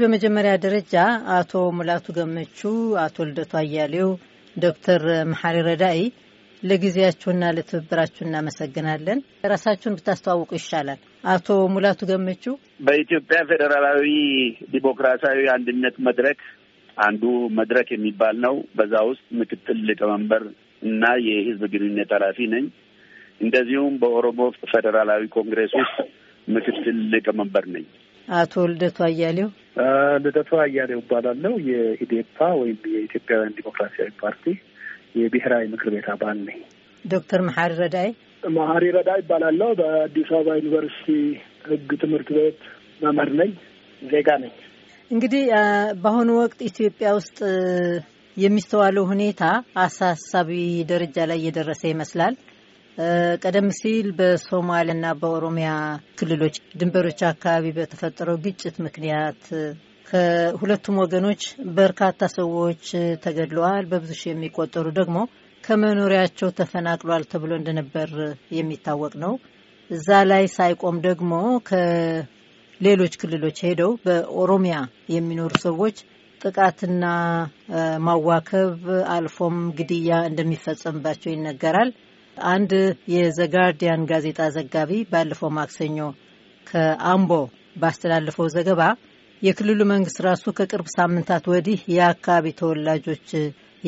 በመጀመሪያ ደረጃ አቶ ሙላቱ ገመቹ፣ አቶ ልደቱ አያሌው፣ ዶክተር መሐሪ ረዳኢ ለጊዜያችሁና ለትብብራችሁ እናመሰግናለን። ራሳችሁን ብታስተዋውቁ ይሻላል። አቶ ሙላቱ ገመቹ በኢትዮጵያ ፌዴራላዊ ዲሞክራሲያዊ አንድነት መድረክ አንዱ መድረክ የሚባል ነው። በዛ ውስጥ ምክትል ሊቀመንበር እና የህዝብ ግንኙነት ኃላፊ ነኝ። እንደዚሁም በኦሮሞ ፌዴራላዊ ኮንግሬስ ውስጥ ምክትል ሊቀመንበር ነኝ። አቶ ልደቱ አያሌው ልደቱ አያሌው እባላለሁ። የኢዴፓ ወይም የኢትዮጵያውያን ዲሞክራሲያዊ ፓርቲ የብሔራዊ ምክር ቤት አባል ነኝ። ዶክተር መሐሪ ረዳይ መሐሪ ረዳይ እባላለሁ። በአዲስ አበባ ዩኒቨርሲቲ ሕግ ትምህርት ቤት መምህር ነኝ። ዜጋ ነኝ። እንግዲህ በአሁኑ ወቅት ኢትዮጵያ ውስጥ የሚስተዋለው ሁኔታ አሳሳቢ ደረጃ ላይ እየደረሰ ይመስላል። ቀደም ሲል ና በኦሮሚያ ክልሎች ድንበሮች አካባቢ በተፈጠረው ግጭት ምክንያት ከሁለቱም ወገኖች በርካታ ሰዎች ተገድለዋል፣ በብዙ ሺህ የሚቆጠሩ ደግሞ ከመኖሪያቸው ተፈናቅሏል ተብሎ እንደነበር የሚታወቅ ነው። እዛ ላይ ሳይቆም ደግሞ ከሌሎች ክልሎች ሄደው በኦሮሚያ የሚኖሩ ሰዎች ጥቃትና ማዋከብ አልፎም ግድያ እንደሚፈጸምባቸው ይነገራል። አንድ የዘጋርዲያን ጋዜጣ ዘጋቢ ባለፈው ማክሰኞ ከአምቦ ባስተላለፈው ዘገባ የክልሉ መንግስት ራሱ ከቅርብ ሳምንታት ወዲህ የአካባቢ ተወላጆች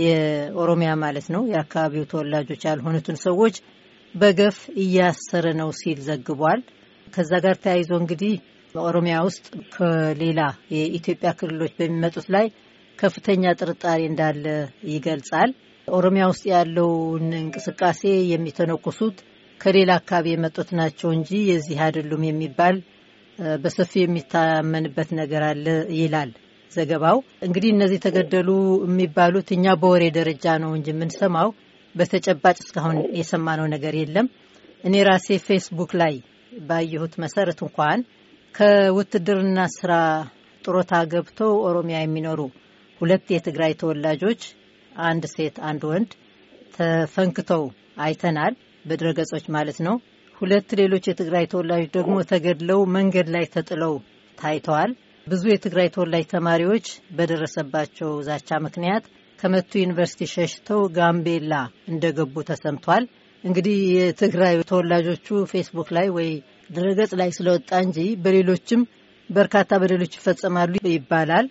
የኦሮሚያ ማለት ነው የአካባቢው ተወላጆች ያልሆኑትን ሰዎች በገፍ እያሰረ ነው ሲል ዘግቧል። ከዛ ጋር ተያይዞ እንግዲህ ኦሮሚያ ውስጥ ከሌላ የኢትዮጵያ ክልሎች በሚመጡት ላይ ከፍተኛ ጥርጣሬ እንዳለ ይገልጻል። ኦሮሚያ ውስጥ ያለውን እንቅስቃሴ የሚተነኩሱት ከሌላ አካባቢ የመጡት ናቸው እንጂ የዚህ አይደሉም የሚባል በሰፊው የሚታመንበት ነገር አለ ይላል ዘገባው። እንግዲህ እነዚህ ተገደሉ የሚባሉት እኛ በወሬ ደረጃ ነው እንጂ የምንሰማው በተጨባጭ እስካሁን የሰማነው ነገር የለም። እኔ ራሴ ፌስቡክ ላይ ባየሁት መሰረት እንኳን ከውትድርና ስራ ጡረታ ገብተው ኦሮሚያ የሚኖሩ ሁለት የትግራይ ተወላጆች አንድ ሴት አንድ ወንድ ተፈንክተው አይተናል፣ በድረገጾች ማለት ነው። ሁለት ሌሎች የትግራይ ተወላጆች ደግሞ ተገድለው መንገድ ላይ ተጥለው ታይተዋል። ብዙ የትግራይ ተወላጅ ተማሪዎች በደረሰባቸው ዛቻ ምክንያት ከመቱ ዩኒቨርሲቲ ሸሽተው ጋምቤላ እንደገቡ ተሰምቷል። እንግዲህ የትግራይ ተወላጆቹ ፌስቡክ ላይ ወይ ድረገጽ ላይ ስለወጣ እንጂ በሌሎችም በርካታ በደሎች ይፈጸማሉ ይባላል።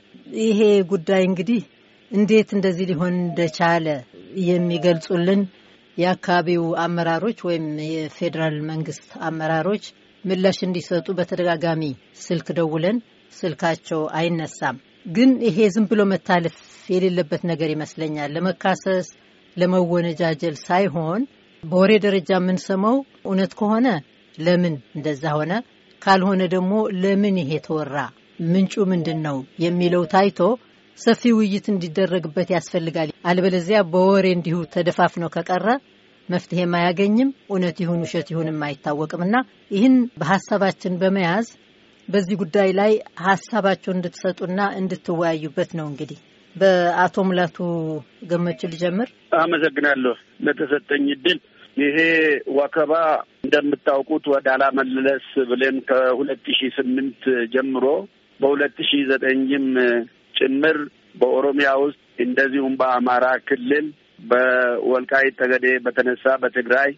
ይሄ ጉዳይ እንግዲህ እንዴት እንደዚህ ሊሆን እንደቻለ የሚገልጹልን የአካባቢው አመራሮች ወይም የፌዴራል መንግስት አመራሮች ምላሽ እንዲሰጡ በተደጋጋሚ ስልክ ደውለን ስልካቸው አይነሳም። ግን ይሄ ዝም ብሎ መታለፍ የሌለበት ነገር ይመስለኛል። ለመካሰስ ለመወነጃጀል ሳይሆን በወሬ ደረጃ የምንሰማው እውነት ከሆነ ለምን እንደዛ ሆነ፣ ካልሆነ ደግሞ ለምን ይሄ ተወራ፣ ምንጩ ምንድን ነው የሚለው ታይቶ ሰፊ ውይይት እንዲደረግበት ያስፈልጋል። አልበለዚያ በወሬ እንዲሁ ተደፋፍነው ከቀረ መፍትሄም አያገኝም፣ እውነት ይሁን ውሸት ይሁንም አይታወቅም እና ይህን በሀሳባችን በመያዝ በዚህ ጉዳይ ላይ ሀሳባቸውን እንድትሰጡና እንድትወያዩበት ነው። እንግዲህ በአቶ ሙላቱ ገመች ልጀምር። አመሰግናለሁ ለተሰጠኝ እድል። ይሄ ወከባ እንደምታውቁት ወደ አላመለስ ብለን ከሁለት ሺ ስምንት ጀምሮ በሁለት ሺ ዘጠኝም ጭምር በኦሮሚያ ውስጥ እንደዚሁም በአማራ ክልል በወልቃይት ጠገዴ በተነሳ በትግራይ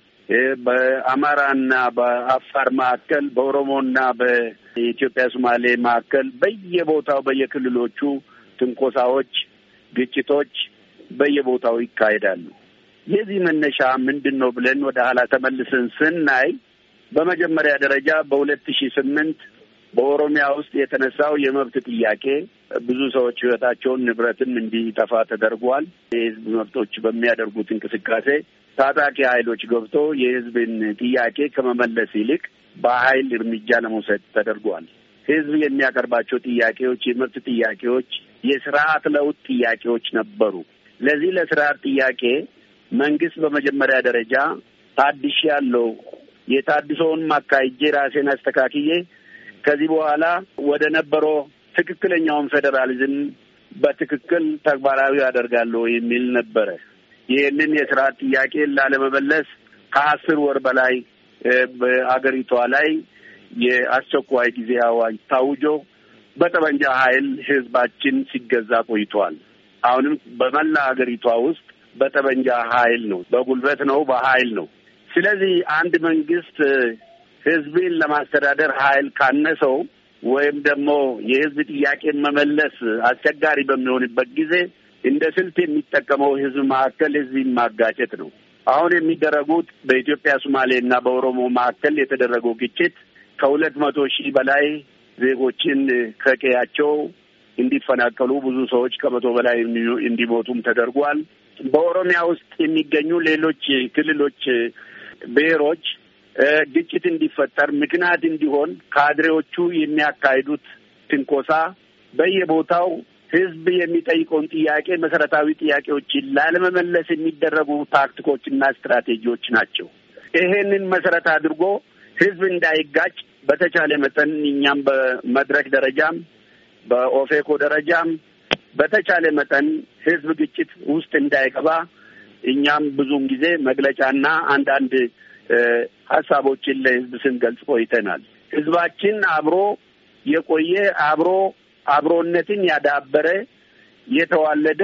በአማራና በአፋር መካከል በኦሮሞና በኢትዮጵያ ሶማሌ መካከል በየቦታው በየክልሎቹ ትንኮሳዎች፣ ግጭቶች በየቦታው ይካሄዳሉ። የዚህ መነሻ ምንድን ነው ብለን ወደ ኋላ ተመልሰን ስናይ በመጀመሪያ ደረጃ በሁለት ሺህ ስምንት በኦሮሚያ ውስጥ የተነሳው የመብት ጥያቄ ብዙ ሰዎች ህይወታቸውን ንብረትም እንዲጠፋ ተደርጓል። የህዝብ መብቶች በሚያደርጉት እንቅስቃሴ ታጣቂ ኃይሎች ገብቶ የህዝብን ጥያቄ ከመመለስ ይልቅ በኃይል እርምጃ ለመውሰድ ተደርጓል። ህዝብ የሚያቀርባቸው ጥያቄዎች የመብት ጥያቄዎች፣ የስርዓት ለውጥ ጥያቄዎች ነበሩ። ለዚህ ለስርዓት ጥያቄ መንግስት በመጀመሪያ ደረጃ ታድሽ ያለው የታድሶውን ማካሄጄ ራሴን አስተካክዬ ከዚህ በኋላ ወደ ነበረው ትክክለኛውን ፌዴራሊዝም በትክክል ተግባራዊ ያደርጋሉ የሚል ነበረ። ይህንን የስርዓት ጥያቄ ላለመመለስ ከአስር ወር በላይ በአገሪቷ ላይ የአስቸኳይ ጊዜ አዋጅ ታውጆ በጠመንጃ ኃይል ህዝባችን ሲገዛ ቆይቷል። አሁንም በመላ አገሪቷ ውስጥ በጠመንጃ ኃይል ነው፣ በጉልበት ነው፣ በኃይል ነው። ስለዚህ አንድ መንግስት ህዝብን ለማስተዳደር ኃይል ካነሰው ወይም ደግሞ የህዝብ ጥያቄን መመለስ አስቸጋሪ በሚሆንበት ጊዜ እንደ ስልት የሚጠቀመው ህዝብ መካከል ህዝብ ማጋጨት ነው። አሁን የሚደረጉት በኢትዮጵያ ሶማሌ እና በኦሮሞ መካከል የተደረገው ግጭት ከሁለት መቶ ሺህ በላይ ዜጎችን ከቀያቸው እንዲፈናቀሉ ብዙ ሰዎች ከመቶ በላይ እንዲሞቱም ተደርጓል። በኦሮሚያ ውስጥ የሚገኙ ሌሎች ክልሎች ብሔሮች ግጭት እንዲፈጠር ምክንያት እንዲሆን ካድሬዎቹ የሚያካሂዱት ትንኮሳ በየቦታው ህዝብ የሚጠይቀውን ጥያቄ መሰረታዊ ጥያቄዎችን ላለመመለስ የሚደረጉ ታክቲኮችና ስትራቴጂዎች ናቸው። ይሄንን መሰረት አድርጎ ህዝብ እንዳይጋጭ በተቻለ መጠን እኛም በመድረክ ደረጃም በኦፌኮ ደረጃም በተቻለ መጠን ህዝብ ግጭት ውስጥ እንዳይገባ እኛም ብዙውን ጊዜ መግለጫና አንዳንድ ሀሳቦችን ለህዝብ ስንገልጽ ቆይተናል። ህዝባችን አብሮ የቆየ አብሮ አብሮነትን ያዳበረ የተዋለደ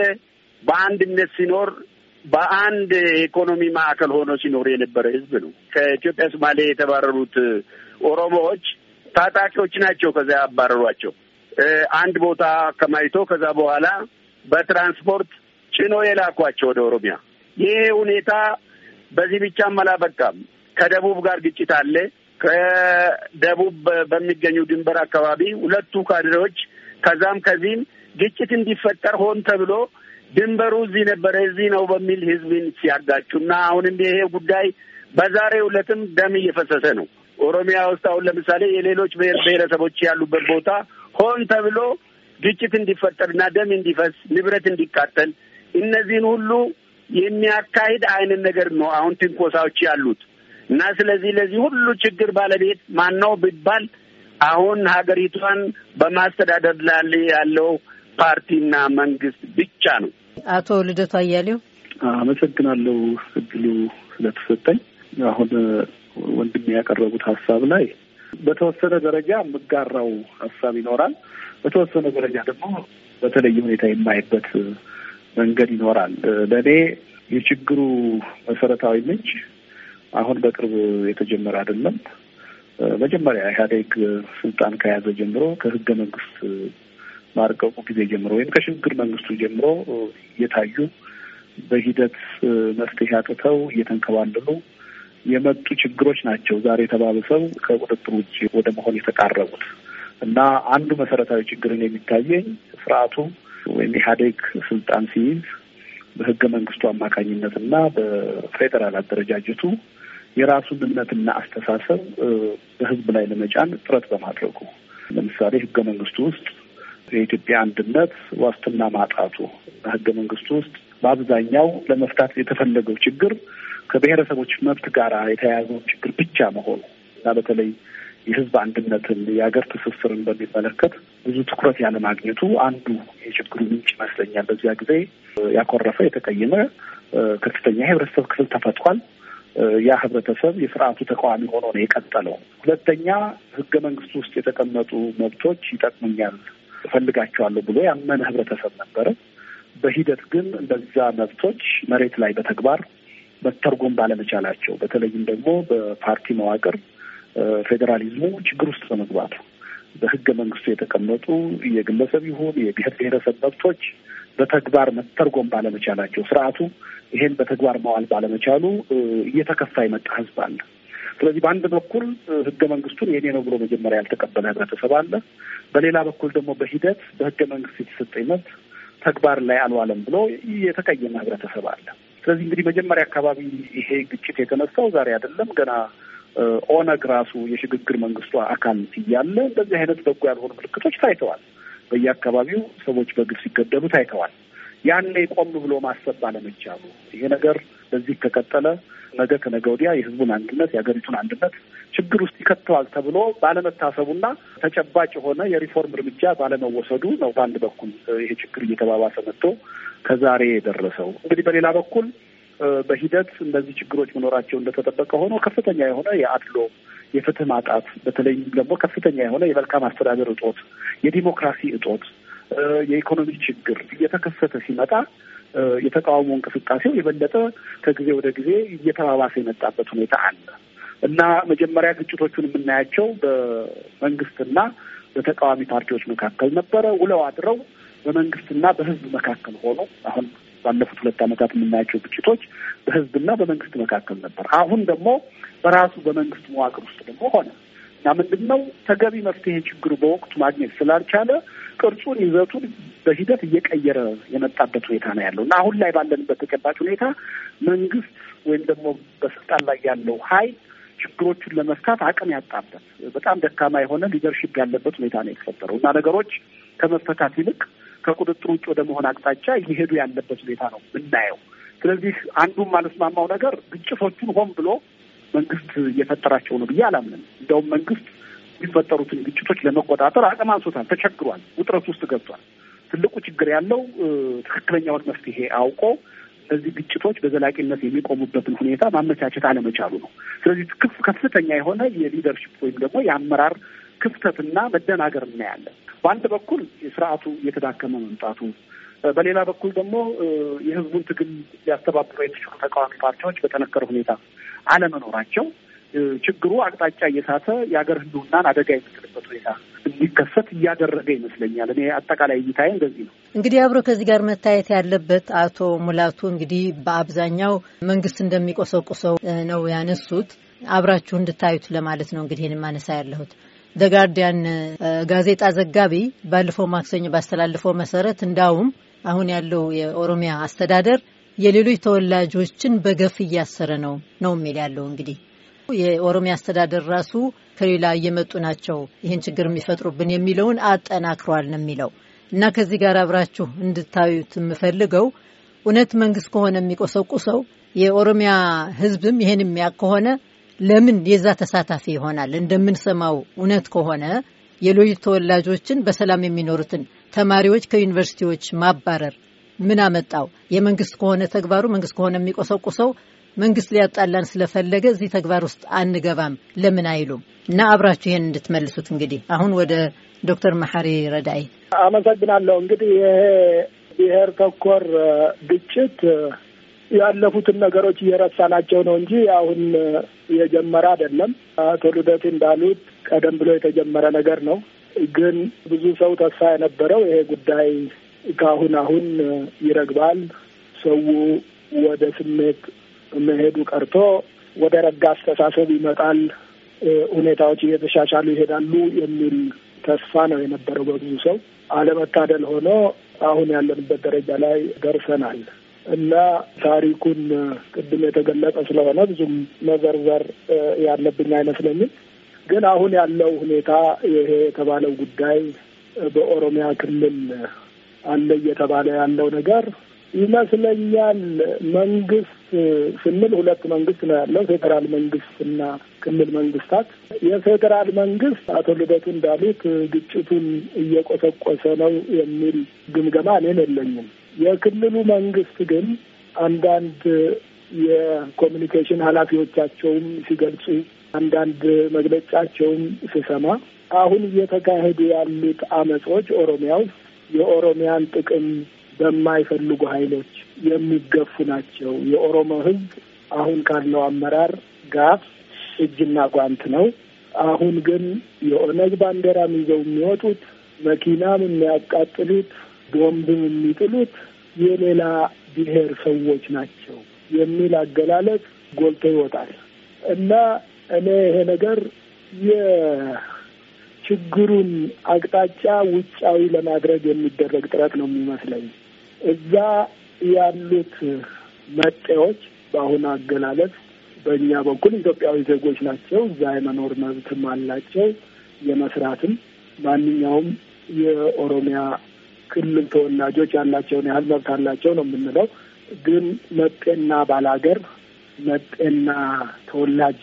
በአንድነት ሲኖር በአንድ የኢኮኖሚ ማዕከል ሆኖ ሲኖር የነበረ ህዝብ ነው። ከኢትዮጵያ ሶማሌ የተባረሩት ኦሮሞዎች ታጣቂዎች ናቸው። ከዚያ ያባረሯቸው አንድ ቦታ ከማይቶ ከዛ በኋላ በትራንስፖርት ጭኖ የላኳቸው ወደ ኦሮሚያ። ይሄ ሁኔታ በዚህ ብቻም አላበቃም። ከደቡብ ጋር ግጭት አለ። ከደቡብ በሚገኙ ድንበር አካባቢ ሁለቱ ካድሬዎች ከዛም ከዚህም ግጭት እንዲፈጠር ሆን ተብሎ ድንበሩ እዚህ ነበረ እዚህ ነው በሚል ህዝብን ሲያጋጩ እና አሁንም ይሄ ጉዳይ በዛሬ ዕለትም ደም እየፈሰሰ ነው። ኦሮሚያ ውስጥ አሁን ለምሳሌ የሌሎች ብሔር ብሔረሰቦች ያሉበት ቦታ ሆን ተብሎ ግጭት እንዲፈጠርና ደም እንዲፈስ፣ ንብረት እንዲቃጠል እነዚህን ሁሉ የሚያካሂድ አይነት ነገር ነው አሁን ትንኮሳዎች ያሉት። እና ስለዚህ ለዚህ ሁሉ ችግር ባለቤት ማን ነው ቢባል አሁን ሀገሪቷን በማስተዳደር ላይ ያለው ፓርቲና መንግስት ብቻ ነው። አቶ ልደቱ አያሌው አመሰግናለሁ እድሉ ስለተሰጠኝ። አሁን ወንድም ያቀረቡት ሀሳብ ላይ በተወሰነ ደረጃ የምጋራው ሀሳብ ይኖራል። በተወሰነ ደረጃ ደግሞ በተለየ ሁኔታ የማይበት መንገድ ይኖራል። ለእኔ የችግሩ መሰረታዊ ምንጭ አሁን በቅርብ የተጀመረ አይደለም። መጀመሪያ ኢህአዴግ ስልጣን ከያዘ ጀምሮ ከህገ መንግስት ማርቀቁ ጊዜ ጀምሮ ወይም ከሽግግር መንግስቱ ጀምሮ እየታዩ በሂደት መፍትሄ አጥተው እየተንከባለሉ የመጡ ችግሮች ናቸው ዛሬ ተባብሰው ከቁጥጥር ውጭ ወደ መሆን የተቃረቡት እና አንዱ መሰረታዊ ችግርን የሚታየኝ ስርዓቱ ወይም ኢህአዴግ ስልጣን ሲይዝ በህገ መንግስቱ አማካኝነት እና በፌዴራል አደረጃጀቱ የራሱን እምነትና አስተሳሰብ በህዝብ ላይ ለመጫን ጥረት በማድረጉ ለምሳሌ ህገ መንግስቱ ውስጥ የኢትዮጵያ አንድነት ዋስትና ማጣቱ በህገ መንግስቱ ውስጥ በአብዛኛው ለመፍታት የተፈለገው ችግር ከብሔረሰቦች መብት ጋር የተያያዘው ችግር ብቻ መሆኑ እና በተለይ የህዝብ አንድነትን የሀገር ትስስርን በሚመለከት ብዙ ትኩረት ያለማግኘቱ አንዱ የችግሩ ምንጭ ይመስለኛል። በዚያ ጊዜ ያኮረፈ የተቀየመ ከፍተኛ የህብረተሰብ ክፍል ተፈጥሯል። ያ ህብረተሰብ የስርዓቱ ተቃዋሚ ሆኖ ነው የቀጠለው። ሁለተኛ ህገ መንግስቱ ውስጥ የተቀመጡ መብቶች ይጠቅሙኛል፣ እፈልጋቸዋለሁ ብሎ ያመነ ህብረተሰብ ነበረ። በሂደት ግን እነዛ መብቶች መሬት ላይ በተግባር መተርጎም ባለመቻላቸው በተለይም ደግሞ በፓርቲ መዋቅር ፌዴራሊዝሙ ችግር ውስጥ በመግባቱ በህገ መንግስቱ የተቀመጡ የግለሰብ ይሁን የብሔር ብሔረሰብ መብቶች በተግባር መተርጎም ባለመቻላቸው ስርዓቱ ይሄን በተግባር መዋል ባለመቻሉ እየተከፋ የመጣ ህዝብ አለ። ስለዚህ በአንድ በኩል ህገ መንግስቱን የኔ ነው ብሎ መጀመሪያ ያልተቀበለ ህብረተሰብ አለ። በሌላ በኩል ደግሞ በሂደት በህገ መንግስት የተሰጠኝ መብት ተግባር ላይ አልዋለም ብሎ የተቀየመ ህብረተሰብ አለ። ስለዚህ እንግዲህ መጀመሪያ አካባቢ ይሄ ግጭት የተነሳው ዛሬ አይደለም። ገና ኦነግ ራሱ የሽግግር መንግስቱ አካል እያለ እንደዚህ አይነት በጎ ያልሆኑ ምልክቶች ታይተዋል። በየአካባቢው ሰዎች በግፍ ሲገደሉ ታይተዋል። ያኔ ቆም ብሎ ማሰብ ባለመቻሉ ይሄ ነገር በዚህ ከቀጠለ ነገ ከነገ ወዲያ የህዝቡን አንድነት የሀገሪቱን አንድነት ችግር ውስጥ ይከተዋል ተብሎ ባለመታሰቡና ተጨባጭ የሆነ የሪፎርም እርምጃ ባለመወሰዱ ነው። በአንድ በኩል ይሄ ችግር እየተባባሰ መጥቶ ከዛሬ የደረሰው እንግዲህ በሌላ በኩል በሂደት እነዚህ ችግሮች መኖራቸው እንደተጠበቀ ሆኖ ከፍተኛ የሆነ የአድሎ የፍትህ ማጣት፣ በተለይም ደግሞ ከፍተኛ የሆነ የመልካም አስተዳደር እጦት፣ የዲሞክራሲ እጦት፣ የኢኮኖሚ ችግር እየተከሰተ ሲመጣ የተቃውሞ እንቅስቃሴው የበለጠ ከጊዜ ወደ ጊዜ እየተባባሰ የመጣበት ሁኔታ አለ እና መጀመሪያ ግጭቶቹን የምናያቸው በመንግስትና በተቃዋሚ ፓርቲዎች መካከል ነበረ። ውለው አድረው በመንግስትና በህዝብ መካከል ሆኖ አሁን ባለፉት ሁለት ዓመታት የምናያቸው ግጭቶች በህዝብና በመንግስት መካከል ነበር። አሁን ደግሞ በራሱ በመንግስት መዋቅር ውስጥ ደግሞ ሆነ እና ምንድን ነው ተገቢ መፍትሄ ችግሩ በወቅቱ ማግኘት ስላልቻለ ቅርጹን፣ ይዘቱን በሂደት እየቀየረ የመጣበት ሁኔታ ነው ያለው እና አሁን ላይ ባለንበት ተጨባጭ ሁኔታ መንግስት ወይም ደግሞ በስልጣን ላይ ያለው ሀይል ችግሮቹን ለመፍታት አቅም ያጣበት በጣም ደካማ የሆነ ሊደርሺፕ ያለበት ሁኔታ ነው የተፈጠረው እና ነገሮች ከመፈታት ይልቅ ከቁጥጥር ውጭ ወደ መሆን አቅጣጫ እየሄዱ ያለበት ሁኔታ ነው የምናየው። ስለዚህ አንዱም አልስማማው ነገር ግጭቶቹን ሆን ብሎ መንግስት እየፈጠራቸው ነው ብዬ አላምንም። እንደውም መንግስት የሚፈጠሩትን ግጭቶች ለመቆጣጠር አቅም አንሶታል፣ ተቸግሯል፣ ውጥረት ውስጥ ገብቷል። ትልቁ ችግር ያለው ትክክለኛውን መፍትሄ አውቆ እነዚህ ግጭቶች በዘላቂነት የሚቆሙበትን ሁኔታ ማመቻቸት አለመቻሉ ነው። ስለዚህ ከፍተኛ የሆነ የሊደርሽፕ ወይም ደግሞ የአመራር ክፍተትና መደናገር እናያለን። በአንድ በኩል ስርዓቱ እየተዳከመ መምጣቱ፣ በሌላ በኩል ደግሞ የህዝቡን ትግል ሊያስተባብሩ የተችሉ ተቃዋሚ ፓርቲዎች በጠነከረ ሁኔታ አለመኖራቸው ችግሩ አቅጣጫ እየሳተ የሀገር ህልውናን አደጋ የምትልበት ሁኔታ እንዲከሰት እያደረገ ይመስለኛል። እኔ አጠቃላይ እይታዬ እንደዚህ ነው። እንግዲህ አብሮ ከዚህ ጋር መታየት ያለበት አቶ ሙላቱ እንግዲህ በአብዛኛው መንግስት እንደሚቆሰቁሰው ነው ያነሱት። አብራችሁ እንድታዩት ለማለት ነው እንግዲህ ማነሳ ያለሁት ደጋርዲያን ጋዜጣ ዘጋቢ ባለፈው ማክሰኞ ባስተላለፈው መሰረት እንዳውም አሁን ያለው የኦሮሚያ አስተዳደር የሌሎች ተወላጆችን በገፍ እያሰረ ነው ነው የሚል ያለው እንግዲህ የኦሮሚያ አስተዳደር ራሱ ከሌላ እየመጡ ናቸው ይህን ችግር የሚፈጥሩብን የሚለውን አጠናክሯል ነው የሚለው እና ከዚህ ጋር አብራችሁ እንድታዩት የምፈልገው እውነት መንግስት ከሆነ የሚቆሰቁሰው የኦሮሚያ ህዝብም ይህን የሚያ ከሆነ ለምን የዛ ተሳታፊ ይሆናል? እንደምንሰማው እውነት ከሆነ የሎይት ተወላጆችን በሰላም የሚኖሩትን ተማሪዎች ከዩኒቨርሲቲዎች ማባረር ምን አመጣው? የመንግስት ከሆነ ተግባሩ መንግስት ከሆነ የሚቆሰቁሰው መንግስት ሊያጣላን ስለፈለገ እዚህ ተግባር ውስጥ አንገባም ለምን አይሉም? እና አብራችሁ ይሄን እንድትመልሱት እንግዲህ አሁን ወደ ዶክተር መሐሪ ረዳይ አመሰግናለሁ። እንግዲህ ይሄ ብሔር ተኮር ግጭት ያለፉትን ነገሮች እየረሳናቸው ነው እንጂ አሁን የጀመረ አይደለም። አቶ ልደት እንዳሉት ቀደም ብሎ የተጀመረ ነገር ነው። ግን ብዙ ሰው ተስፋ የነበረው ይሄ ጉዳይ ከአሁን አሁን ይረግባል፣ ሰው ወደ ስሜት መሄዱ ቀርቶ ወደ ረጋ አስተሳሰብ ይመጣል፣ ሁኔታዎች እየተሻሻሉ ይሄዳሉ የሚል ተስፋ ነው የነበረው በብዙ ሰው። አለመታደል ሆኖ አሁን ያለንበት ደረጃ ላይ ደርሰናል። እና ታሪኩን ቅድም የተገለጸ ስለሆነ ብዙም መዘርዘር ያለብኝ አይመስለኝም። ግን አሁን ያለው ሁኔታ ይሄ የተባለው ጉዳይ በኦሮሚያ ክልል አለ እየተባለ ያለው ነገር ይመስለኛል መንግስት ስንል ሁለት መንግስት ነው ያለው፣ ፌዴራል መንግስት እና ክልል መንግስታት። የፌዴራል መንግስት አቶ ልደቱ እንዳሉት ግጭቱን እየቆሰቆሰ ነው የሚል ግምገማ እኔም የለኝም። የክልሉ መንግስት ግን አንዳንድ የኮሚኒኬሽን ኃላፊዎቻቸውም ሲገልጹ አንዳንድ መግለጫቸውም ስሰማ አሁን እየተካሄዱ ያሉት አመጾች ኦሮሚያ ውስጥ የኦሮሚያን ጥቅም በማይፈልጉ ኃይሎች የሚገፉ ናቸው። የኦሮሞ ሕዝብ አሁን ካለው አመራር ጋር እጅና ጓንት ነው። አሁን ግን የኦነግ ባንዲራም ይዘው የሚወጡት መኪናም የሚያቃጥሉት ቦምብ የሚጥሉት የሌላ ብሔር ሰዎች ናቸው የሚል አገላለጽ ጎልቶ ይወጣል እና እኔ ይሄ ነገር የችግሩን አቅጣጫ ውጫዊ ለማድረግ የሚደረግ ጥረት ነው የሚመስለኝ። እዛ ያሉት መጤዎች በአሁኑ አገላለጽ በእኛ በኩል ኢትዮጵያዊ ዜጎች ናቸው። እዛ የመኖር መብትም አላቸው የመስራትም ማንኛውም የኦሮሚያ ክልል ተወላጆች ያላቸውን ያህል መብት አላቸው ነው የምንለው። ግን መጤና ባላገር፣ መጤና ተወላጅ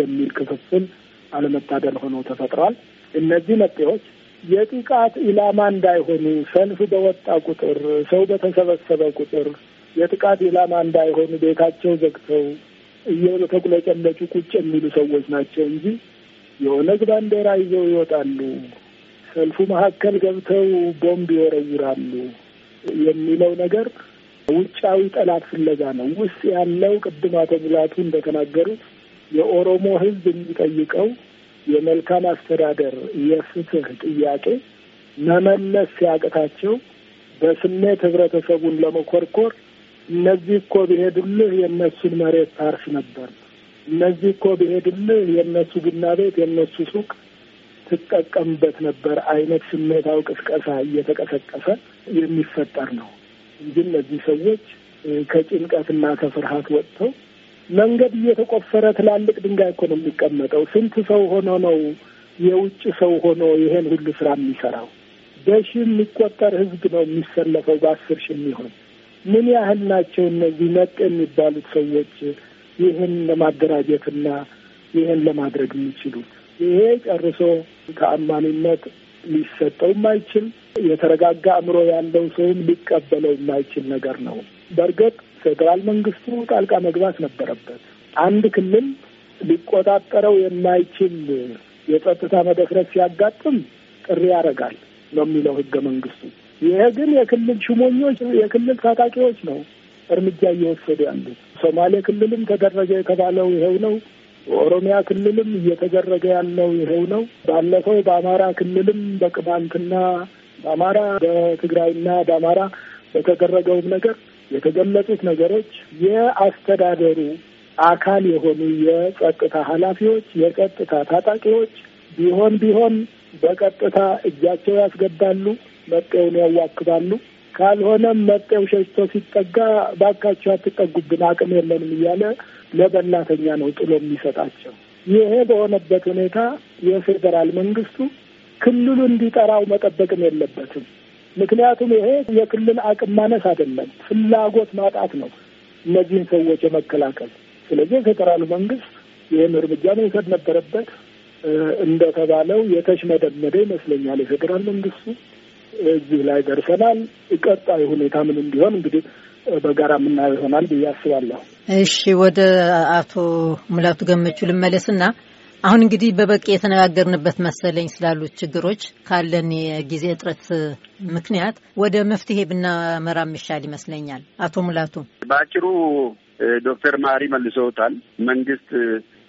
የሚል ክፍፍል አለመታደል ሆኖ ተፈጥሯል። እነዚህ መጤዎች የጥቃት ኢላማ እንዳይሆኑ ሰልፍ በወጣ ቁጥር፣ ሰው በተሰበሰበ ቁጥር የጥቃት ኢላማ እንዳይሆኑ ቤታቸው ዘግተው እየተቁለጨለጩ ቁጭ የሚሉ ሰዎች ናቸው እንጂ የኦነግ ባንዲራ ይዘው ይወጣሉ ሰልፉ መካከል ገብተው ቦምብ ይወረውራሉ የሚለው ነገር ውጫዊ ጠላት ፍለጋ ነው። ውስጥ ያለው ቅድም አቶ ሙላቱ እንደተናገሩት የኦሮሞ ሕዝብ የሚጠይቀው የመልካም አስተዳደር የፍትህ ጥያቄ መመለስ ሲያቅታቸው በስሜት ህብረተሰቡን ለመኮርኮር እነዚህ እኮ ቢሄዱልህ የእነሱን መሬት ታርስ ነበር፣ እነዚህ እኮ ቢሄዱልህ የእነሱ ቡና ቤት፣ የእነሱ ሱቅ ትጠቀምበት ነበር አይነት ስሜታዊ ቅስቀሳ እየተቀሰቀሰ የሚፈጠር ነው እንጂ እነዚህ ሰዎች ከጭንቀትና ከፍርሃት ወጥተው መንገድ እየተቆፈረ ትላልቅ ድንጋይ እኮ ነው የሚቀመጠው። ስንት ሰው ሆኖ ነው የውጭ ሰው ሆኖ ይሄን ሁሉ ስራ የሚሰራው? በሺ የሚቆጠር ህዝብ ነው የሚሰለፈው፣ በአስር ሺ የሚሆን ምን ያህል ናቸው እነዚህ ነቅ የሚባሉት ሰዎች ይህን ለማደራጀትና ይህን ለማድረግ የሚችሉት? ይሄ ጨርሶ ተአማኒነት ሊሰጠው የማይችል የተረጋጋ አእምሮ ያለው ሰውም ሊቀበለው የማይችል ነገር ነው። በእርግጥ ፌዴራል መንግስቱ ጣልቃ መግባት ነበረበት። አንድ ክልል ሊቆጣጠረው የማይችል የጸጥታ መደፍረት ሲያጋጥም ጥሪ ያደርጋል ነው የሚለው ህገ መንግስቱ። ይሄ ግን የክልል ሽሞኞች፣ የክልል ታጣቂዎች ነው እርምጃ እየወሰዱ ያሉት። ሶማሌ ክልልም ተደረገ የተባለው ይኸው ነው። ኦሮሚያ ክልልም እየተደረገ ያለው ይኸው ነው። ባለፈው በአማራ ክልልም በቅማንትና በአማራ በትግራይና በአማራ በተደረገውም ነገር የተገለጹት ነገሮች የአስተዳደሩ አካል የሆኑ የጸጥታ ኃላፊዎች የጸጥታ ታጣቂዎች ቢሆን ቢሆን በቀጥታ እጃቸው ያስገባሉ፣ መጤውን ያዋክባሉ። ካልሆነም መጤው ሸሽቶ ሲጠጋ ባካቸው አትጠጉብን፣ አቅም የለንም እያለ ለበላተኛ ነው ጥሎ የሚሰጣቸው። ይሄ በሆነበት ሁኔታ የፌዴራል መንግስቱ ክልሉ እንዲጠራው መጠበቅም የለበትም። ምክንያቱም ይሄ የክልል አቅም ማነስ አይደለም፣ ፍላጎት ማጣት ነው እነዚህን ሰዎች የመከላከል። ስለዚህ የፌዴራሉ መንግስት ይህን እርምጃ መውሰድ ነበረበት። እንደተባለው የተሽመደመደ ይመስለኛል የፌዴራል መንግስቱ እዚህ ላይ ደርሰናል። ቀጣይ ሁኔታ ምን እንዲሆን እንግዲህ በጋራ የምናየው ይሆናል ብዬ አስባለሁ። እሺ፣ ወደ አቶ ሙላቱ ገመቹ ልመለስና አሁን እንግዲህ በበቂ የተነጋገርንበት መሰለኝ ስላሉት ችግሮች ካለን የጊዜ እጥረት ምክንያት ወደ መፍትሄ ብናመራ ይሻል ይመስለኛል። አቶ ሙላቱ በአጭሩ ዶክተር ማሪ መልሰውታል። መንግስት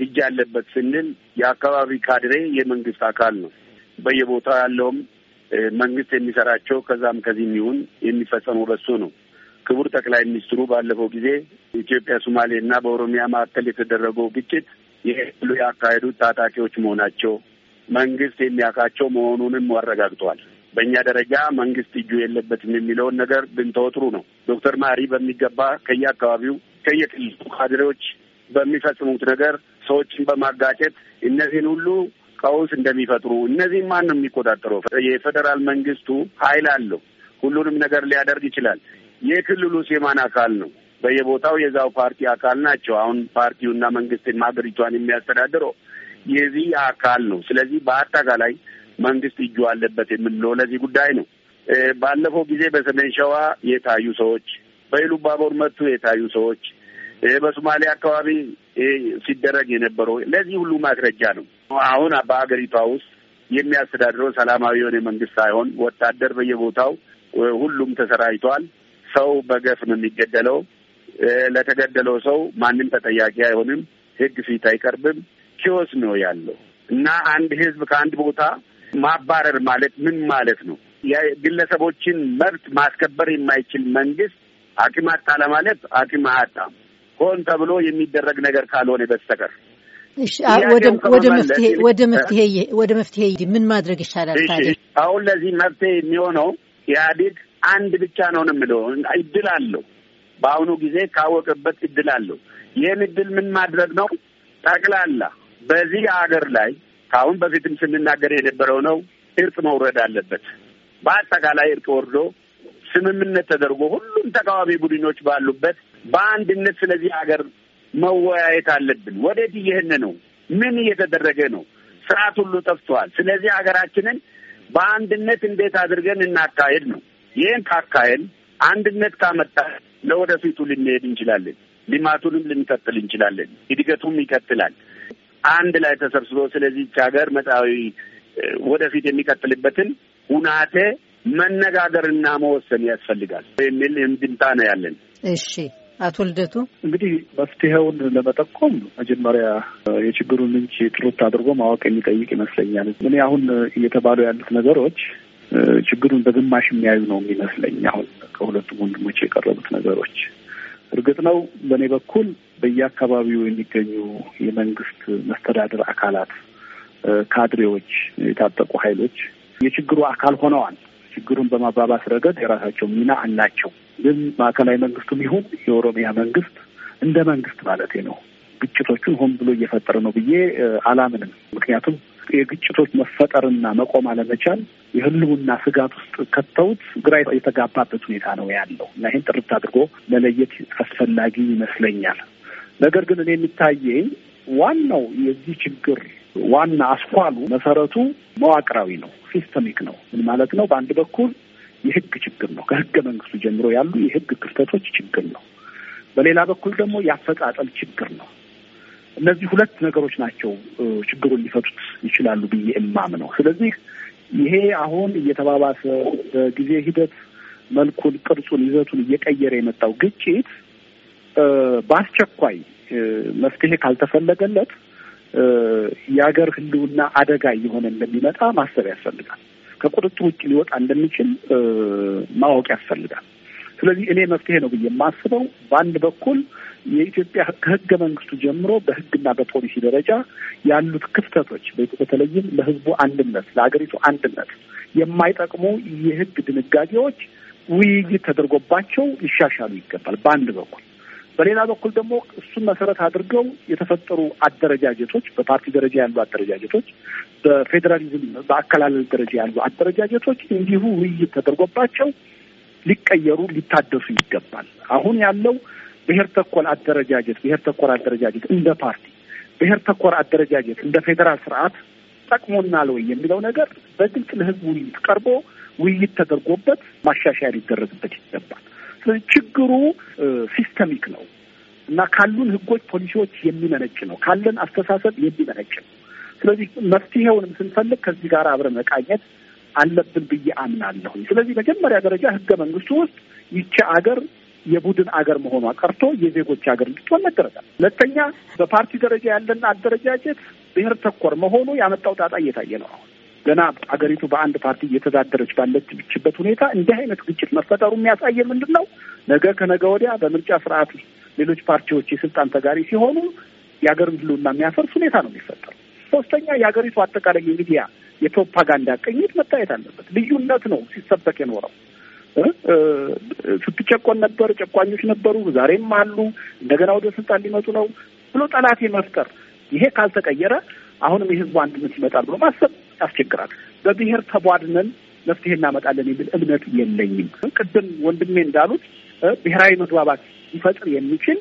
እጅ ያለበት ስንል የአካባቢ ካድሬ የመንግስት አካል ነው። በየቦታው ያለውም መንግስት የሚሰራቸው ከዛም ከዚህም ይሁን የሚፈጸመው በሱ ነው። ክቡር ጠቅላይ ሚኒስትሩ ባለፈው ጊዜ ኢትዮጵያ ሶማሌ እና በኦሮሚያ መካከል የተደረገው ግጭት ይህ ያካሄዱት ታጣቂዎች መሆናቸው መንግስት የሚያውቃቸው መሆኑንም አረጋግጧል። በእኛ ደረጃ መንግስት እጁ የለበትም የሚለውን ነገር ብንተወጥሩ ነው። ዶክተር ማሪ በሚገባ ከየአካባቢው ከየክልሉ ካድሬዎች በሚፈጽሙት ነገር ሰዎችን በማጋጨት እነዚህን ሁሉ ቀውስ እንደሚፈጥሩ እነዚህ ማን ነው የሚቆጣጠረው? የፌዴራል መንግስቱ ኃይል አለው። ሁሉንም ነገር ሊያደርግ ይችላል። የክልሉስ የማን አካል ነው? በየቦታው የዛው ፓርቲ አካል ናቸው። አሁን ፓርቲውና መንግስትን ሀገሪቷን የሚያስተዳድረው የዚህ አካል ነው። ስለዚህ በአጠቃላይ መንግስት እጁ አለበት የምንለው ለዚህ ጉዳይ ነው። ባለፈው ጊዜ በሰሜን ሸዋ የታዩ ሰዎች፣ በኢሉባቦር መቱ የታዩ ሰዎች፣ በሶማሌ አካባቢ ሲደረግ የነበረው ለዚህ ሁሉ ማስረጃ ነው። አሁን በሀገሪቷ ውስጥ የሚያስተዳድረው ሰላማዊ የሆነ መንግስት ሳይሆን ወታደር በየቦታው ሁሉም ተሰራጅቷል ሰው በገፍ ነው የሚገደለው። ለተገደለው ሰው ማንም ተጠያቂ አይሆንም። ህግ ፊት አይቀርብም። ኪዮስ ነው ያለው እና አንድ ህዝብ ከአንድ ቦታ ማባረር ማለት ምን ማለት ነው? የግለሰቦችን መብት ማስከበር የማይችል መንግስት አቅም አጣ ለማለት አቅም አጣም ሆን ተብሎ የሚደረግ ነገር ካልሆነ በስተቀር ወደ መፍትሄ ምን ማድረግ ይሻላል ታዲያ? አሁን ለዚህ መፍትሄ የሚሆነው ኢህአዴግ አንድ ብቻ ነው ነው የምለው እድል አለው። በአሁኑ ጊዜ ካወቀበት እድል አለው። ይህን እድል ምን ማድረግ ነው? ጠቅላላ በዚህ ሀገር ላይ ከአሁን በፊትም ስንናገር የነበረው ነው። እርቅ መውረድ አለበት። በአጠቃላይ እርቅ ወርዶ ስምምነት ተደርጎ ሁሉም ተቃዋሚ ቡድኖች ባሉበት በአንድነት ስለዚህ ሀገር መወያየት አለብን። ወደዚህ ይህን ነው? ምን እየተደረገ ነው? ስርዓት ሁሉ ጠፍቷል። ስለዚህ ሀገራችንን በአንድነት እንዴት አድርገን እናካሄድ ነው። ይህን ካካሄድ አንድነት ካመጣ ለወደፊቱ ልንሄድ እንችላለን። ልማቱንም ልንቀጥል እንችላለን። እድገቱም ይቀጥላል። አንድ ላይ ተሰብስቦ ስለዚች ሀገር መጻዊ ወደፊት የሚቀጥልበትን ሁናቴ መነጋገርና መወሰን ያስፈልጋል የሚል እንድምታ ነው ያለን። እሺ አቶ ልደቱ እንግዲህ መፍትሄውን ለመጠቆም መጀመሪያ የችግሩን ምንጭ ጥሩት አድርጎ ማወቅ የሚጠይቅ ይመስለኛል። እኔ አሁን እየተባሉ ያሉት ነገሮች ችግሩን በግማሽ የሚያዩ ነው የሚመስለኝ። አሁን ከሁለቱም ወንድሞች የቀረቡት ነገሮች እርግጥ ነው በእኔ በኩል በየአካባቢው የሚገኙ የመንግስት መስተዳደር አካላት፣ ካድሬዎች፣ የታጠቁ ኃይሎች የችግሩ አካል ሆነዋል። ችግሩን በማባባስ ረገድ የራሳቸው ሚና አላቸው። ግን ማዕከላዊ መንግስቱም ይሁን የኦሮሚያ መንግስት እንደ መንግስት ማለት ነው ግጭቶቹን ሆን ብሎ እየፈጠረ ነው ብዬ አላምንም። ምክንያቱም የግጭቶች መፈጠርና መቆም አለመቻል የህልውና ስጋት ውስጥ ከተውት ግራ የተጋባበት ሁኔታ ነው ያለው እና ይህን ጥርት አድርጎ መለየት አስፈላጊ ይመስለኛል። ነገር ግን እኔ የሚታየኝ ዋናው የዚህ ችግር ዋና አስኳሉ መሰረቱ መዋቅራዊ ነው፣ ሲስተሚክ ነው። ምን ማለት ነው? በአንድ በኩል የህግ ችግር ነው። ከህገ መንግስቱ ጀምሮ ያሉ የህግ ክፍተቶች ችግር ነው። በሌላ በኩል ደግሞ የአፈጣጠል ችግር ነው። እነዚህ ሁለት ነገሮች ናቸው ችግሩን ሊፈቱት ይችላሉ ብዬ እማም ነው። ስለዚህ ይሄ አሁን እየተባባሰ በጊዜ ሂደት መልኩን፣ ቅርጹን፣ ይዘቱን እየቀየረ የመጣው ግጭት በአስቸኳይ መፍትሄ ካልተፈለገለት የሀገር ህልውና አደጋ እየሆነ እንደሚመጣ ማሰብ ያስፈልጋል። ከቁጥጥር ውጭ ሊወጣ እንደሚችል ማወቅ ያስፈልጋል። ስለዚህ እኔ መፍትሄ ነው ብዬ የማስበው በአንድ በኩል የኢትዮጵያ ከህገ መንግስቱ ጀምሮ በህግና በፖሊሲ ደረጃ ያሉት ክፍተቶች በተለይም ለህዝቡ አንድነት፣ ለሀገሪቱ አንድነት የማይጠቅሙ የህግ ድንጋጌዎች ውይይት ተደርጎባቸው ሊሻሻሉ ይገባል በአንድ በኩል በሌላ በኩል ደግሞ እሱን መሰረት አድርገው የተፈጠሩ አደረጃጀቶች፣ በፓርቲ ደረጃ ያሉ አደረጃጀቶች፣ በፌዴራሊዝም በአከላለል ደረጃ ያሉ አደረጃጀቶች እንዲሁ ውይይት ተደርጎባቸው ሊቀየሩ ሊታደሱ ይገባል። አሁን ያለው ብሔር ተኮር አደረጃጀት ብሔር ተኮር አደረጃጀት እንደ ፓርቲ ብሔር ተኮር አደረጃጀት እንደ ፌዴራል ስርዓት ጠቅሞናል ወይ የሚለው ነገር በግልጽ ለህዝብ ውይይት ቀርቦ ውይይት ተደርጎበት ማሻሻያ ሊደረግበት ይገባል። ችግሩ ሲስተሚክ ነው እና ካሉን ህጎች፣ ፖሊሲዎች የሚመነጭ ነው። ካለን አስተሳሰብ የሚመነጭ ነው። ስለዚህ መፍትሄውንም ስንፈልግ ከዚህ ጋር አብረን መቃኘት አለብን ብዬ አምናለሁ። ስለዚህ መጀመሪያ ደረጃ ህገ መንግስቱ ውስጥ ይቺ አገር የቡድን አገር መሆኗ ቀርቶ የዜጎች አገር እንድትሆን መደረጋል። ሁለተኛ በፓርቲ ደረጃ ያለን አደረጃጀት ብሔር ተኮር መሆኑ ያመጣው ጣጣ እየታየ ነው አሁን ገና አገሪቱ በአንድ ፓርቲ እየተዳደረች ባለችበት ሁኔታ እንዲህ አይነት ግጭት መፈጠሩ የሚያሳየ ምንድን ነው? ነገ ከነገ ወዲያ በምርጫ ስርዓት ሌሎች ፓርቲዎች የስልጣን ተጋሪ ሲሆኑ የሀገር ህልውና የሚያፈርስ ሁኔታ ነው የሚፈጠሩ። ሶስተኛ የሀገሪቱ አጠቃላይ የሚዲያ የፕሮፓጋንዳ ቅኝት መታየት አለበት። ልዩነት ነው ሲሰበክ የኖረው ስትጨቆን ነበር፣ ጨቋኞች ነበሩ፣ ዛሬም አሉ፣ እንደገና ወደ ስልጣን ሊመጡ ነው ብሎ ጠላት መፍጠር ይሄ ካልተቀየረ አሁንም የህዝቡ አንድነት ይመጣል ብሎ ማሰብ ያስቸግራል። በብሔር ተቧድነን መፍትሄ እናመጣለን የሚል እምነት የለኝም። ቅድም ወንድሜ እንዳሉት ብሔራዊ መግባባት ሊፈጥር የሚችል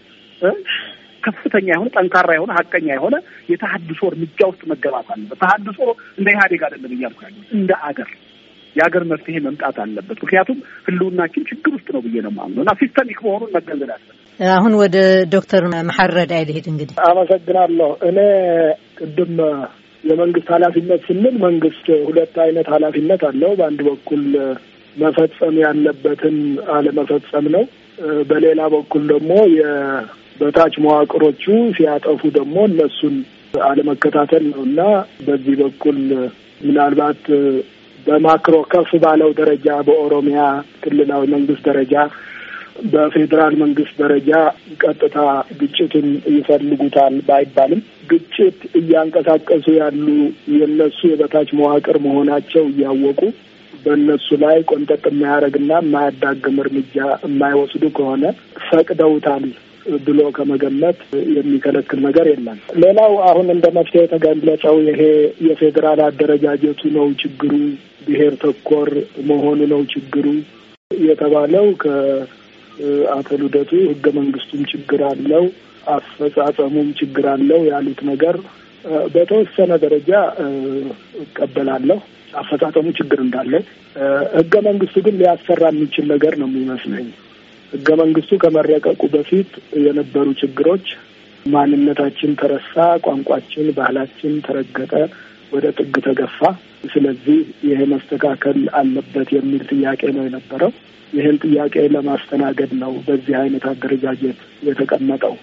ከፍተኛ የሆነ ጠንካራ የሆነ ሀቀኛ የሆነ የተሀድሶ እርምጃ ውስጥ መገባት አለበት። ተሀድሶ እንደ ኢህአዴግ አይደለም እያልኩ ያለ እንደ አገር የሀገር መፍትሄ መምጣት አለበት። ምክንያቱም ህልውናችን ችግር ውስጥ ነው ብዬ ነው የማምነው እና ሲስተሚክ መሆኑን መገንዘብ አለበት። አሁን ወደ ዶክተር መሐረድ አይልሄድ እንግዲህ አመሰግናለሁ። እኔ ቅድም የመንግስት ኃላፊነት ስንል መንግስት ሁለት አይነት ኃላፊነት አለው። በአንድ በኩል መፈጸም ያለበትን አለመፈጸም ነው። በሌላ በኩል ደግሞ የበታች መዋቅሮቹ ሲያጠፉ ደግሞ እነሱን አለመከታተል ነው እና በዚህ በኩል ምናልባት በማክሮ ከፍ ባለው ደረጃ በኦሮሚያ ክልላዊ መንግስት ደረጃ በፌዴራል መንግስት ደረጃ ቀጥታ ግጭትን ይፈልጉታል ባይባልም ግጭት እያንቀሳቀሱ ያሉ የነሱ የበታች መዋቅር መሆናቸው እያወቁ በእነሱ ላይ ቆንጠጥ የማያደርግና የማያዳግም እርምጃ የማይወስዱ ከሆነ ፈቅደውታል ብሎ ከመገመት የሚከለክል ነገር የለም። ሌላው አሁን እንደ መፍትሄ የተገለጸው ይሄ የፌዴራል አደረጃጀቱ ነው ችግሩ፣ ብሔር ተኮር መሆኑ ነው ችግሩ የተባለው ከ አቶ ልደቱ ህገ መንግስቱም ችግር አለው፣ አፈጻጸሙም ችግር አለው ያሉት ነገር በተወሰነ ደረጃ እቀበላለሁ። አፈጻጸሙ ችግር እንዳለ፣ ህገ መንግስቱ ግን ሊያሰራ የሚችል ነገር ነው የሚመስለኝ። ህገ መንግስቱ ከመረቀቁ በፊት የነበሩ ችግሮች ማንነታችን ተረሳ፣ ቋንቋችን፣ ባህላችን ተረገጠ፣ ወደ ጥግ ተገፋ። ስለዚህ ይሄ መስተካከል አለበት የሚል ጥያቄ ነው የነበረው። ይህን ጥያቄ ለማስተናገድ ነው በዚህ አይነት አደረጃጀት የተቀመጠው።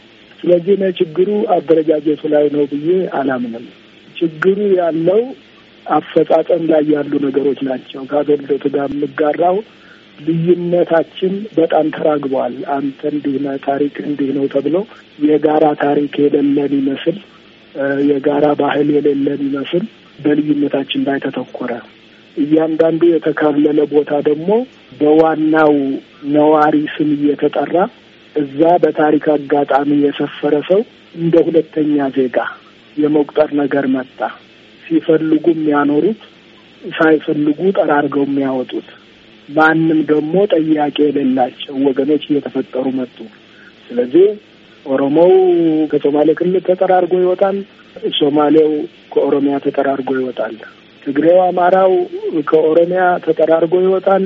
ስለዚህ እኔ ችግሩ አደረጃጀቱ ላይ ነው ብዬ አላምንም። ችግሩ ያለው አፈጻጸም ላይ ያሉ ነገሮች ናቸው። ከአቶ ልደቱ ጋር የምጋራው ልዩነታችን በጣም ተራግቧል። አንተ እንዲህ ነህ፣ ታሪክ እንዲህ ነው ተብሎ የጋራ ታሪክ የሌለን ይመስል የጋራ ባህል የሌለን ይመስል በልዩነታችን ላይ ተተኮረ። እያንዳንዱ የተካለለ ቦታ ደግሞ በዋናው ነዋሪ ስም እየተጠራ እዛ በታሪክ አጋጣሚ የሰፈረ ሰው እንደ ሁለተኛ ዜጋ የመቁጠር ነገር መጣ። ሲፈልጉ የሚያኖሩት፣ ሳይፈልጉ ጠራርገው የሚያወጡት ማንም ደግሞ ጥያቄ የሌላቸው ወገኖች እየተፈጠሩ መጡ። ስለዚህ ኦሮሞው ከሶማሌ ክልል ተጠራርጎ ይወጣል፣ ሶማሌው ከኦሮሚያ ተጠራርጎ ይወጣል። ትግሬው አማራው ከኦሮሚያ ተጠራርጎ ይወጣል።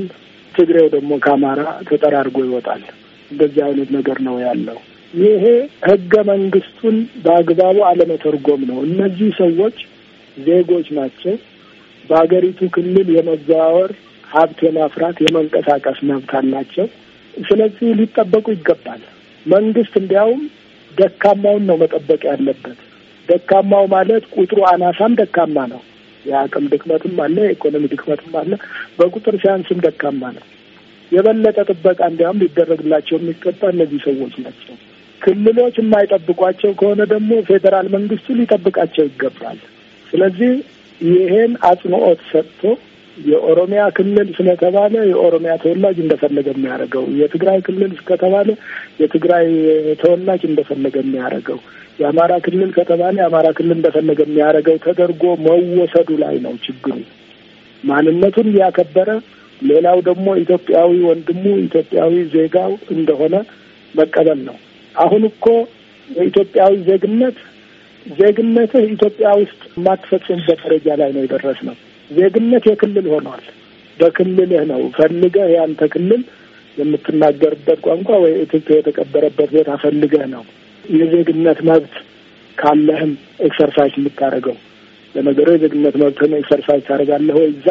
ትግሬው ደግሞ ከአማራ ተጠራርጎ ይወጣል። እንደዚህ አይነት ነገር ነው ያለው። ይሄ ህገ መንግስቱን በአግባቡ አለመተርጎም ነው። እነዚህ ሰዎች ዜጎች ናቸው። በሀገሪቱ ክልል የመዘዋወር ሀብት የማፍራት የመንቀሳቀስ መብት አላቸው። ስለዚህ ሊጠበቁ ይገባል። መንግስት እንዲያውም ደካማውን ነው መጠበቅ ያለበት። ደካማው ማለት ቁጥሩ አናሳም ደካማ ነው። የአቅም ድክመትም አለ፣ የኢኮኖሚ ድክመትም አለ። በቁጥር ሲያንስም ደካማ ነው። የበለጠ ጥበቃ እንዲያውም ሊደረግላቸው የሚገባ እነዚህ ሰዎች ናቸው። ክልሎች የማይጠብቋቸው ከሆነ ደግሞ ፌዴራል መንግስቱ ሊጠብቃቸው ይገባል። ስለዚህ ይሄን አጽንኦት ሰጥቶ የኦሮሚያ ክልል ስለተባለ የኦሮሚያ ተወላጅ እንደፈለገ የሚያደርገው፣ የትግራይ ክልል ከተባለ የትግራይ ተወላጅ እንደፈለገ የሚያደርገው የአማራ ክልል ከተባለ የአማራ ክልል እንደፈለገ የሚያደርገው ተደርጎ መወሰዱ ላይ ነው ችግሩ። ማንነቱን ያከበረ ሌላው ደግሞ ኢትዮጵያዊ ወንድሙ ኢትዮጵያዊ ዜጋው እንደሆነ መቀበል ነው። አሁን እኮ የኢትዮጵያዊ ዜግነት ዜግነትህ ኢትዮጵያ ውስጥ የማትፈጽምበት ደረጃ ላይ ነው የደረስ ነው። ዜግነት የክልል ሆኗል። በክልልህ ነው ፈልገህ ያንተ ክልል የምትናገርበት ቋንቋ ወይ እትብት የተቀበረበት ቤት አፈልገህ ነው የዜግነት መብት ካለህም ኤክሰርሳይዝ የምታደርገው ለነገሩ የዜግነት መብት ኤክሰርሳይዝ ታደርጋለህ ወይ እዛ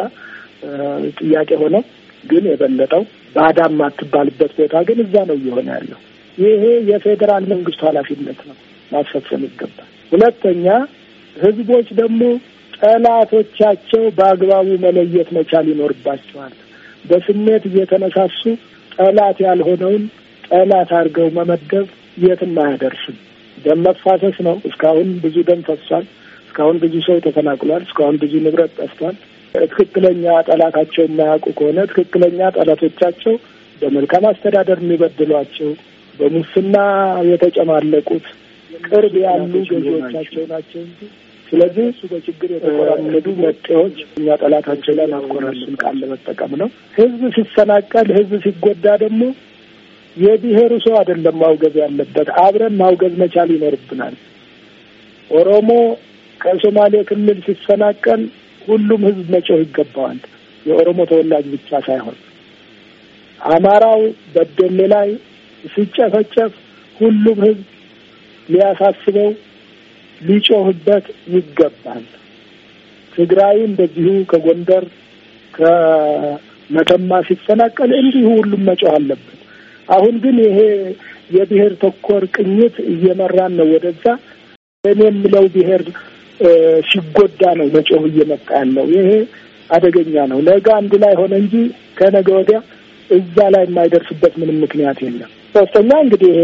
ጥያቄ ሆነው ግን የበለጠው ባዳም ማትባልበት ቦታ ግን እዛ ነው እየሆነ ያለው። ይሄ የፌዴራል መንግስቱ ኃላፊነት ነው ማስፈጸም ይገባል። ሁለተኛ ህዝቦች ደግሞ ጠላቶቻቸው በአግባቡ መለየት መቻል ይኖርባቸዋል። በስሜት እየተነሳሱ ጠላት ያልሆነውን ጠላት አድርገው መመደብ የትም አያደርስም። ደም መፋሰስ ነው። እስካሁን ብዙ ደም ፈሷል። እስካሁን ብዙ ሰው ተፈናቅሏል። እስካሁን ብዙ ንብረት ጠፍቷል። ትክክለኛ ጠላታቸው የማያውቁ ከሆነ ትክክለኛ ጠላቶቻቸው በመልካም አስተዳደር የሚበድሏቸው፣ በሙስና የተጨማለቁት ቅርብ ያሉ ገዢዎቻቸው ናቸው እንጂ ስለዚህ እሱ በችግር የተቆራመዱ መጤዎች እኛ ጠላታቸው ላይ ማኮራሱን ቃል ለመጠቀም ነው። ህዝብ ሲሰናቀል፣ ህዝብ ሲጎዳ ደግሞ የብሔሩ ሰው አይደለም ማውገዝ ያለበት። አብረን ማውገዝ መቻል ይኖርብናል። ኦሮሞ ከሶማሌ ክልል ሲፈናቀል ሁሉም ህዝብ መጮህ ይገባዋል። የኦሮሞ ተወላጅ ብቻ ሳይሆን አማራው በደሌ ላይ ሲጨፈጨፍ ሁሉም ህዝብ ሊያሳስበው ሊጮህበት ይገባል። ትግራይ እንደዚሁ ከጎንደር ከመተማ ሲፈናቀል እንዲሁ ሁሉም መጮህ አለበት። አሁን ግን ይሄ የብሔር ተኮር ቅኝት እየመራን ነው ወደዛ። እኔ የምለው ብሔር ሲጎዳ ነው መጮህ እየመጣ ያለው። ይሄ አደገኛ ነው። ነገ አንድ ላይ ሆነ እንጂ ከነገ ወዲያ እዛ ላይ የማይደርስበት ምንም ምክንያት የለም። ሶስተኛ እንግዲህ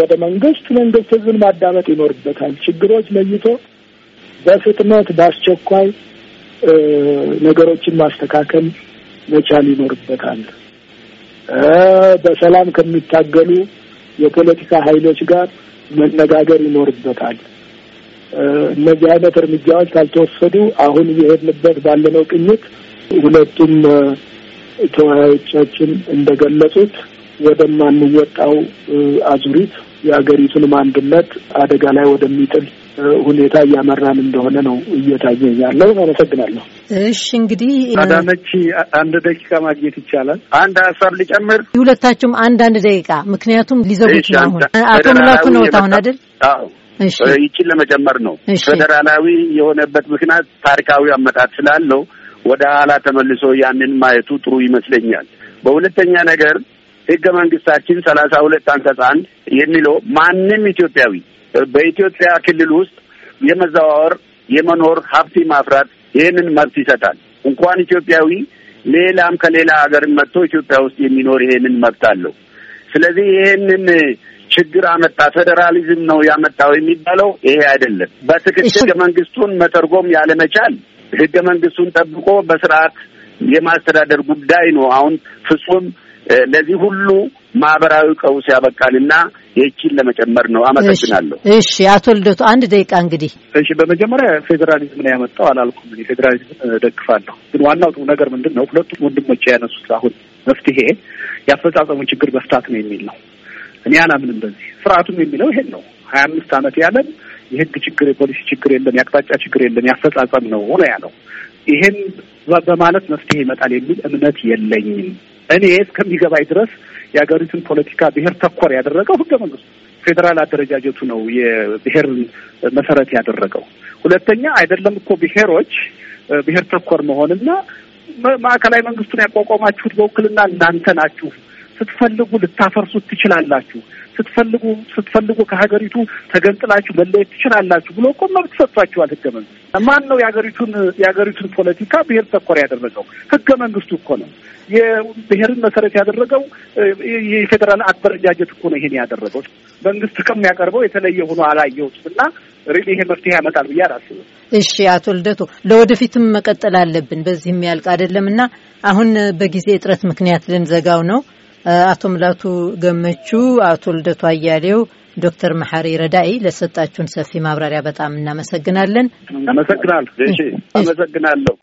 ወደ መንግስት መንግስት ህዝብን ማዳመጥ ይኖርበታል። ችግሮች ለይቶ በፍጥነት በአስቸኳይ ነገሮችን ማስተካከል መቻል ይኖርበታል። በሰላም ከሚታገሉ የፖለቲካ ኃይሎች ጋር መነጋገር ይኖርበታል። እነዚህ አይነት እርምጃዎች ካልተወሰዱ አሁን እየሄድንበት ባለነው ቅኝት ሁለቱም ተወያዮቻችን እንደገለጹት ወደማንወጣው አዙሪት የአገሪቱንም አንድነት አደጋ ላይ ወደሚጥል ሁኔታ እያመራን እንደሆነ ነው እየታየ ያለው። አመሰግናለሁ። እሺ እንግዲህ አዳመች አንድ ደቂቃ ማግኘት ይቻላል? አንድ ሀሳብ ሊጨምር ሁለታችሁም አንድ አንድ ደቂቃ ምክንያቱም ሊዘጉት ነው። አሁን አቶ ምላኩ ነው ታሁን አይደል? ይቺን ይችን ለመጨመር ነው። ፌዴራላዊ የሆነበት ምክንያት ታሪካዊ አመጣት ስላለው ወደ ኋላ ተመልሶ ያንን ማየቱ ጥሩ ይመስለኛል። በሁለተኛ ነገር ህገ መንግስታችን ሰላሳ ሁለት አንቀጽ አንድ የሚለው ማንም ኢትዮጵያዊ በኢትዮጵያ ክልል ውስጥ የመዘዋወር የመኖር ሀብት ማፍራት ይህንን መብት ይሰጣል። እንኳን ኢትዮጵያዊ ሌላም ከሌላ ሀገር መጥቶ ኢትዮጵያ ውስጥ የሚኖር ይሄንን መብት አለው። ስለዚህ ይሄንን ችግር አመጣ ፌዴራሊዝም ነው ያመጣው የሚባለው ይሄ አይደለም። በትክክል ህገ መንግስቱን መተርጎም ያለመቻል ህገ መንግስቱን ጠብቆ በስርዓት የማስተዳደር ጉዳይ ነው። አሁን ፍጹም ለዚህ ሁሉ ማህበራዊ ቀውስ ያበቃልና ይህችን ለመጨመር ነው። አመሰግናለሁ። እሺ፣ አቶ ልደቱ አንድ ደቂቃ እንግዲህ። እሺ፣ በመጀመሪያ ፌዴራሊዝም ነው ያመጣው አላልኩም። ፌዴራሊዝም ደግፋለሁ፣ ግን ዋናው ጥሩ ነገር ምንድን ነው? ሁለቱም ወንድሞች ያነሱት አሁን መፍትሄ ያፈጻጸሙ ችግር መፍታት ነው የሚል ነው። እኔ አላምንም በዚህ ስርዓቱም የሚለው ይሄን ነው። ሀያ አምስት አመት ያለን የህግ ችግር የፖሊሲ ችግር የለም የአቅጣጫ ችግር የለም ያፈጻጸም ነው ሆነ ያለው ይሄን በማለት መፍትሄ ይመጣል የሚል እምነት የለኝም። እኔ እስከሚገባኝ ድረስ የሀገሪቱን ፖለቲካ ብሔር ተኮር ያደረገው ህገ መንግስቱ ፌዴራል አደረጃጀቱ ነው የብሔር መሰረት ያደረገው። ሁለተኛ አይደለም እኮ ብሔሮች ብሔር ተኮር መሆንና ማዕከላዊ መንግስቱን ያቋቋማችሁት በውክልና እናንተ ናችሁ፣ ስትፈልጉ ልታፈርሱት ትችላላችሁ፣ ስትፈልጉ ስትፈልጉ ከሀገሪቱ ተገንጥላችሁ መለየት ትችላላችሁ ብሎ እኮ መብት ሰጥቷችኋል ህገ መንግስት። ማን ነው የሀገሪቱን የሀገሪቱን ፖለቲካ ብሄር ተኮር ያደረገው? ህገ መንግስቱ እኮ ነው። የብሔርን መሰረት ያደረገው የፌዴራል አደረጃጀት እኮ ነው ይሄን ያደረገው። መንግስት ከሚያቀርበው የተለየ ሆኖ አላየሁትም እና ሪል ይሄ መፍትሄ ያመጣል ብዬ አላስብም። እሺ አቶ ልደቱ ለወደፊትም መቀጠል አለብን፣ በዚህ የሚያልቅ አይደለም እና አሁን በጊዜ እጥረት ምክንያት ልንዘጋው ነው። አቶ ምላቱ ገመቹ፣ አቶ ልደቱ አያሌው፣ ዶክተር መሐሪ ረዳኢ ለሰጣችሁን ሰፊ ማብራሪያ በጣም እናመሰግናለን። አመሰግናለሁ። አመሰግናለሁ።